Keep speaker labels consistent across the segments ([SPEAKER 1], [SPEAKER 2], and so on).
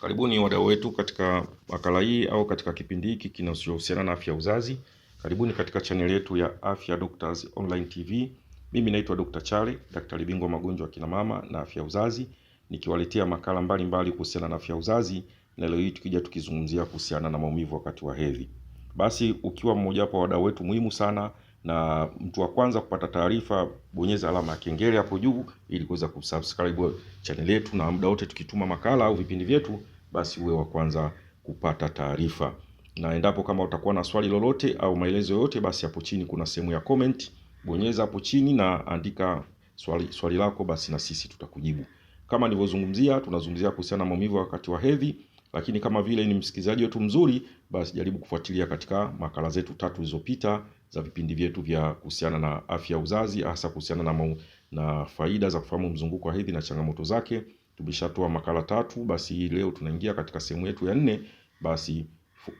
[SPEAKER 1] Karibuni wadau wetu katika makala hii au katika kipindi hiki kinachohusiana na afya ya uzazi. Karibuni katika chaneli yetu ya Afya Doctors Online TV. Mimi naitwa Dr. Chale, daktari bingwa magonjwa ya kina mama na afya ya uzazi, nikiwaletea makala mbalimbali kuhusiana na afya ya uzazi, na leo hii tukija tukizungumzia kuhusiana na maumivu wakati wa hedhi. Basi ukiwa mmoja wa wadau wetu muhimu sana na mtu wa kwanza kupata taarifa, bonyeza alama ya kengele hapo juu ili kuweza kusubscribe channel yetu, na muda wote tukituma makala au vipindi vyetu, basi uwe wa kwanza kupata taarifa. Na endapo kama utakuwa na swali lolote au maelezo yoyote, basi hapo chini kuna sehemu ya comment, bonyeza hapo chini na andika swali, swali lako, basi na sisi tutakujibu. Kama nilivyozungumzia, tunazungumzia kuhusiana na maumivu wakati wa hedhi, lakini kama vile ni msikilizaji wetu mzuri, basi jaribu kufuatilia katika makala zetu tatu zilizopita za vipindi vyetu vya kuhusiana na afya ya uzazi, hasa kuhusiana na, mau, na faida za kufahamu mzunguko wa hedhi na changamoto zake. Tumeshatoa makala tatu, basi hii leo tunaingia katika sehemu yetu ya nne. Basi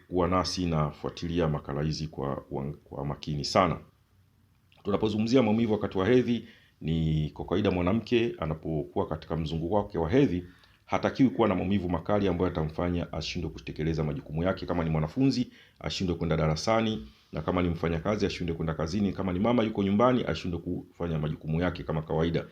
[SPEAKER 1] kuwa nasi na fuatilia makala hizi kwa, kwa makini sana. Tunapozungumzia maumivu wakati wa hedhi, ni kwa kawaida mwanamke anapokuwa katika mzunguko wake wa hedhi hatakiwi kuwa na maumivu makali ambayo yatamfanya ashindwe kutekeleza majukumu yake. Kama ni mwanafunzi ashindwe kwenda darasani, na kama ni mfanyakazi ashindwe kwenda kazini, kama ni mama yuko nyumbani ashindwe kufanya majukumu yake kama kawaida.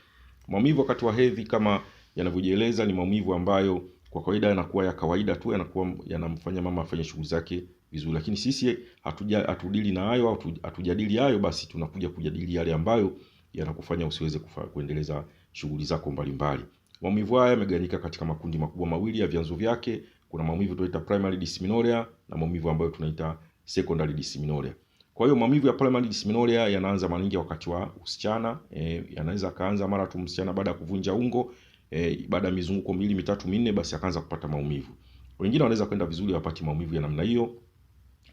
[SPEAKER 1] Maumivu wakati wa hedhi kama yanavyojieleza ni maumivu ambayo kwa kawaida yanakuwa ya kawaida tu, yanakuwa yanamfanya mama afanye shughuli zake vizuri, lakini sisi hatuja hatudili na hayo au hatujadili hayo, basi tunakuja kujadili yale ambayo yanakufanya usiweze kuendeleza shughuli zako mbalimbali. mbali. Maumivu haya yamegawanyika katika makundi makubwa mawili ya vyanzo vyake. Kuna maumivu tunaita primary dysmenorrhea na maumivu ambayo tunaita secondary dysmenorrhea. Kwa hiyo maumivu ya primary dysmenorrhea yanaanza mara nyingi wakati wa usichana e, yanaweza kaanza mara tu msichana baada ya kuvunja ungo e, baada ya mizunguko miwili mitatu minne, basi akaanza kupata maumivu. Wengine wanaweza kwenda vizuri wapati maumivu ya namna hiyo,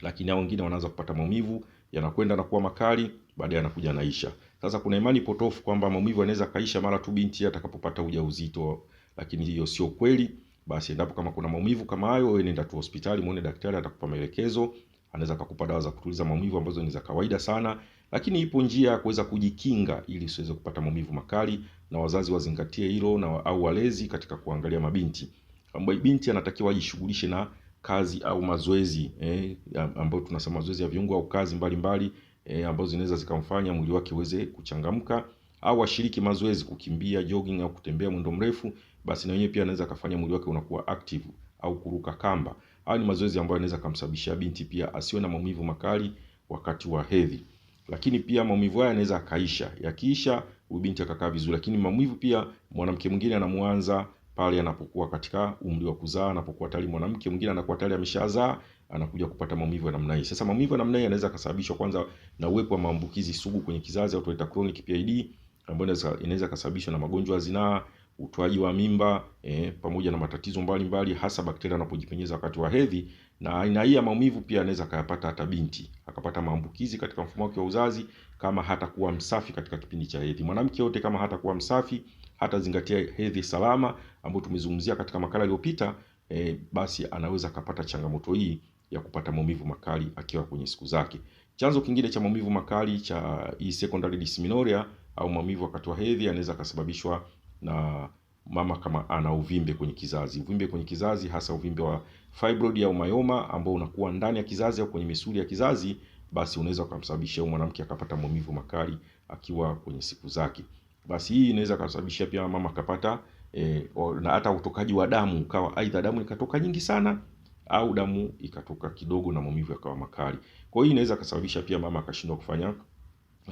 [SPEAKER 1] lakini hao wengine wanaanza kupata maumivu yanakwenda na kuwa makali, baadaye yanakuja naisha. Sasa kuna imani potofu kwamba maumivu yanaweza kaisha mara tu binti atakapopata ujauzito, lakini hiyo sio kweli. Basi endapo kama kuna maumivu kama hayo, wewe nenda tu hospitali muone daktari, atakupa maelekezo, anaweza kukupa dawa za kutuliza maumivu ambazo ni za kawaida sana, lakini ipo njia ya kuweza kujikinga ili usiweze kupata maumivu makali, na wazazi wazingatie hilo na au walezi katika kuangalia mabinti ambaye binti anatakiwa ajishughulishe na kazi au mazoezi eh, ambayo tunasema mazoezi ya viungo au kazi mbalimbali mbali e, ambazo zinaweza zikamfanya mwili wake uweze kuchangamka, au washiriki mazoezi, kukimbia, jogging au kutembea mwendo mrefu, basi na wenyewe pia anaweza kafanya mwili wake unakuwa active, au kuruka kamba. Haya ni mazoezi ambayo yanaweza kumsababishia binti pia asiwe na maumivu makali wakati wa hedhi, lakini pia maumivu haya yanaweza kaisha. Yakiisha huyu binti akakaa vizuri, lakini maumivu pia mwanamke mwingine anamuanza pale anapokuwa katika umri wa kuzaa, anapokuwa tayari mwanamke mwingine anakuwa tayari ameshazaa anakuja kupata maumivu ya namna hii. Sasa maumivu ya namna hii yanaweza kusababishwa kwanza na uwepo wa maambukizi sugu kwenye kizazi au tunaita chronic PID ambayo inaweza kusababishwa na magonjwa ya zinaa, utoaji wa mimba eh, pamoja na matatizo mbalimbali mbali, hasa bakteria anapojipenyeza wakati wa hedhi. Na aina hii ya maumivu pia anaweza kayapata hata binti akapata maambukizi katika mfumo wake wa uzazi, kama hatakuwa msafi katika kipindi cha hedhi. Mwanamke yote kama hatakuwa msafi hatazingatia hedhi salama ambayo tumezungumzia katika makala iliyopita, e, basi anaweza akapata changamoto hii ya kupata maumivu makali akiwa kwenye siku zake. Chanzo kingine cha maumivu makali cha hii secondary dysmenorrhea au maumivu wakati wa hedhi anaweza akasababishwa na mama kama ana uvimbe kwenye kizazi. Uvimbe kwenye kizazi, hasa uvimbe wa fibroid au mayoma ambao unakuwa ndani ya kizazi au kwenye misuli ya kizazi, basi unaweza ukamsababisha mwanamke akapata maumivu makali akiwa kwenye siku zake basi hii inaweza kusababisha pia mama akapata e, na hata utokaji wa damu ukawa aidha damu ikatoka nyingi sana au damu ikatoka kidogo na maumivu yakawa makali. Kwa hiyo inaweza kusababisha pia mama akashindwa kufanya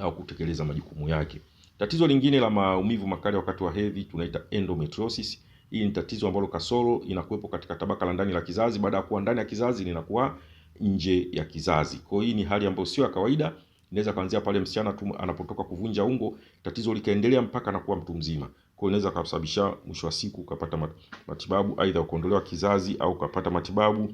[SPEAKER 1] au kutekeleza majukumu yake. Tatizo lingine la maumivu makali wakati wa hedhi tunaita endometriosis. Hii ni tatizo ambalo kasoro inakuwepo katika tabaka la ndani la kizazi, baada ya kuwa ndani ya kizazi linakuwa nje ya kizazi. Kwa hiyo hii ni hali ambayo sio ya kawaida inaweza kuanzia pale msichana tu anapotoka kuvunja ungo, tatizo likaendelea mpaka anakuwa mtu mzima. Kwa hiyo inaweza kusababisha mwisho wa siku ukapata matibabu, aidha ukaondolewa kizazi au ukapata matibabu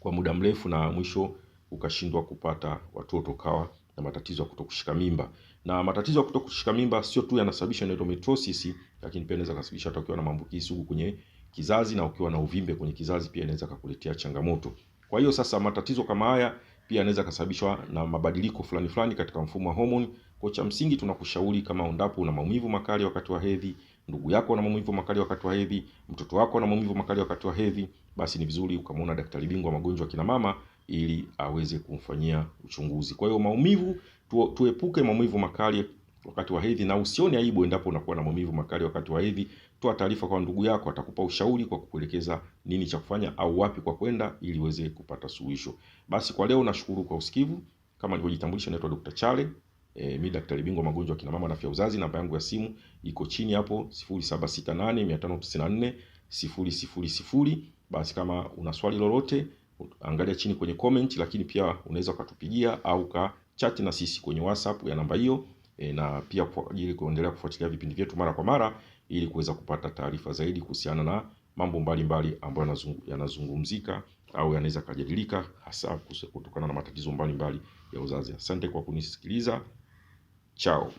[SPEAKER 1] kwa muda mrefu, na mwisho ukashindwa kupata watoto, kawa na matatizo ya kutokushika mimba. Na matatizo ya kutokushika mimba sio tu yanasababisha endometriosis, lakini pia inaweza kusababisha hata ukiwa na maambukizi sugu kwenye kizazi na ukiwa na uvimbe kwenye kizazi pia inaweza kukuletea changamoto. Kwa hiyo sasa matatizo kama haya pia anaweza kasababishwa na mabadiliko fulani fulani katika mfumo wa homoni. Kwa cha msingi tunakushauri kama undapo una maumivu makali wakati wa hedhi, ndugu yako ana maumivu makali wakati wa hedhi, mtoto wako ana maumivu makali wakati wa hedhi, basi ni vizuri ukamwona daktari bingwa wa magonjwa kina mama ili aweze kumfanyia uchunguzi. Kwa hiyo maumivu tu, tuepuke maumivu makali wakati wa hedhi, na usioni aibu endapo unakuwa na maumivu makali wakati wa hedhi. Toa taarifa kwa ndugu yako, atakupa ushauri kwa kukuelekeza nini cha kufanya au wapi kwa kwenda ili uweze kupata suluhisho. Basi kwa leo nashukuru kwa usikivu. Kama nilivyojitambulisha, naitwa Dr. Chale. E, mi daktari bingwa magonjwa kina mama na afya uzazi. Namba yangu ya simu iko chini hapo 0768 594 basi kama una swali lolote angalia chini kwenye comment, lakini pia unaweza ukatupigia au ka chat na sisi kwenye WhatsApp ya namba hiyo e, na pia kwa ajili kuendelea kufuatilia vipindi vyetu mara kwa mara ili kuweza kupata taarifa zaidi kuhusiana na mambo mbalimbali ambayo yanazungumzika au yanaweza kujadilika hasa kutokana na matatizo mbalimbali mbali ya uzazi. Asante kwa kunisikiliza. Chao.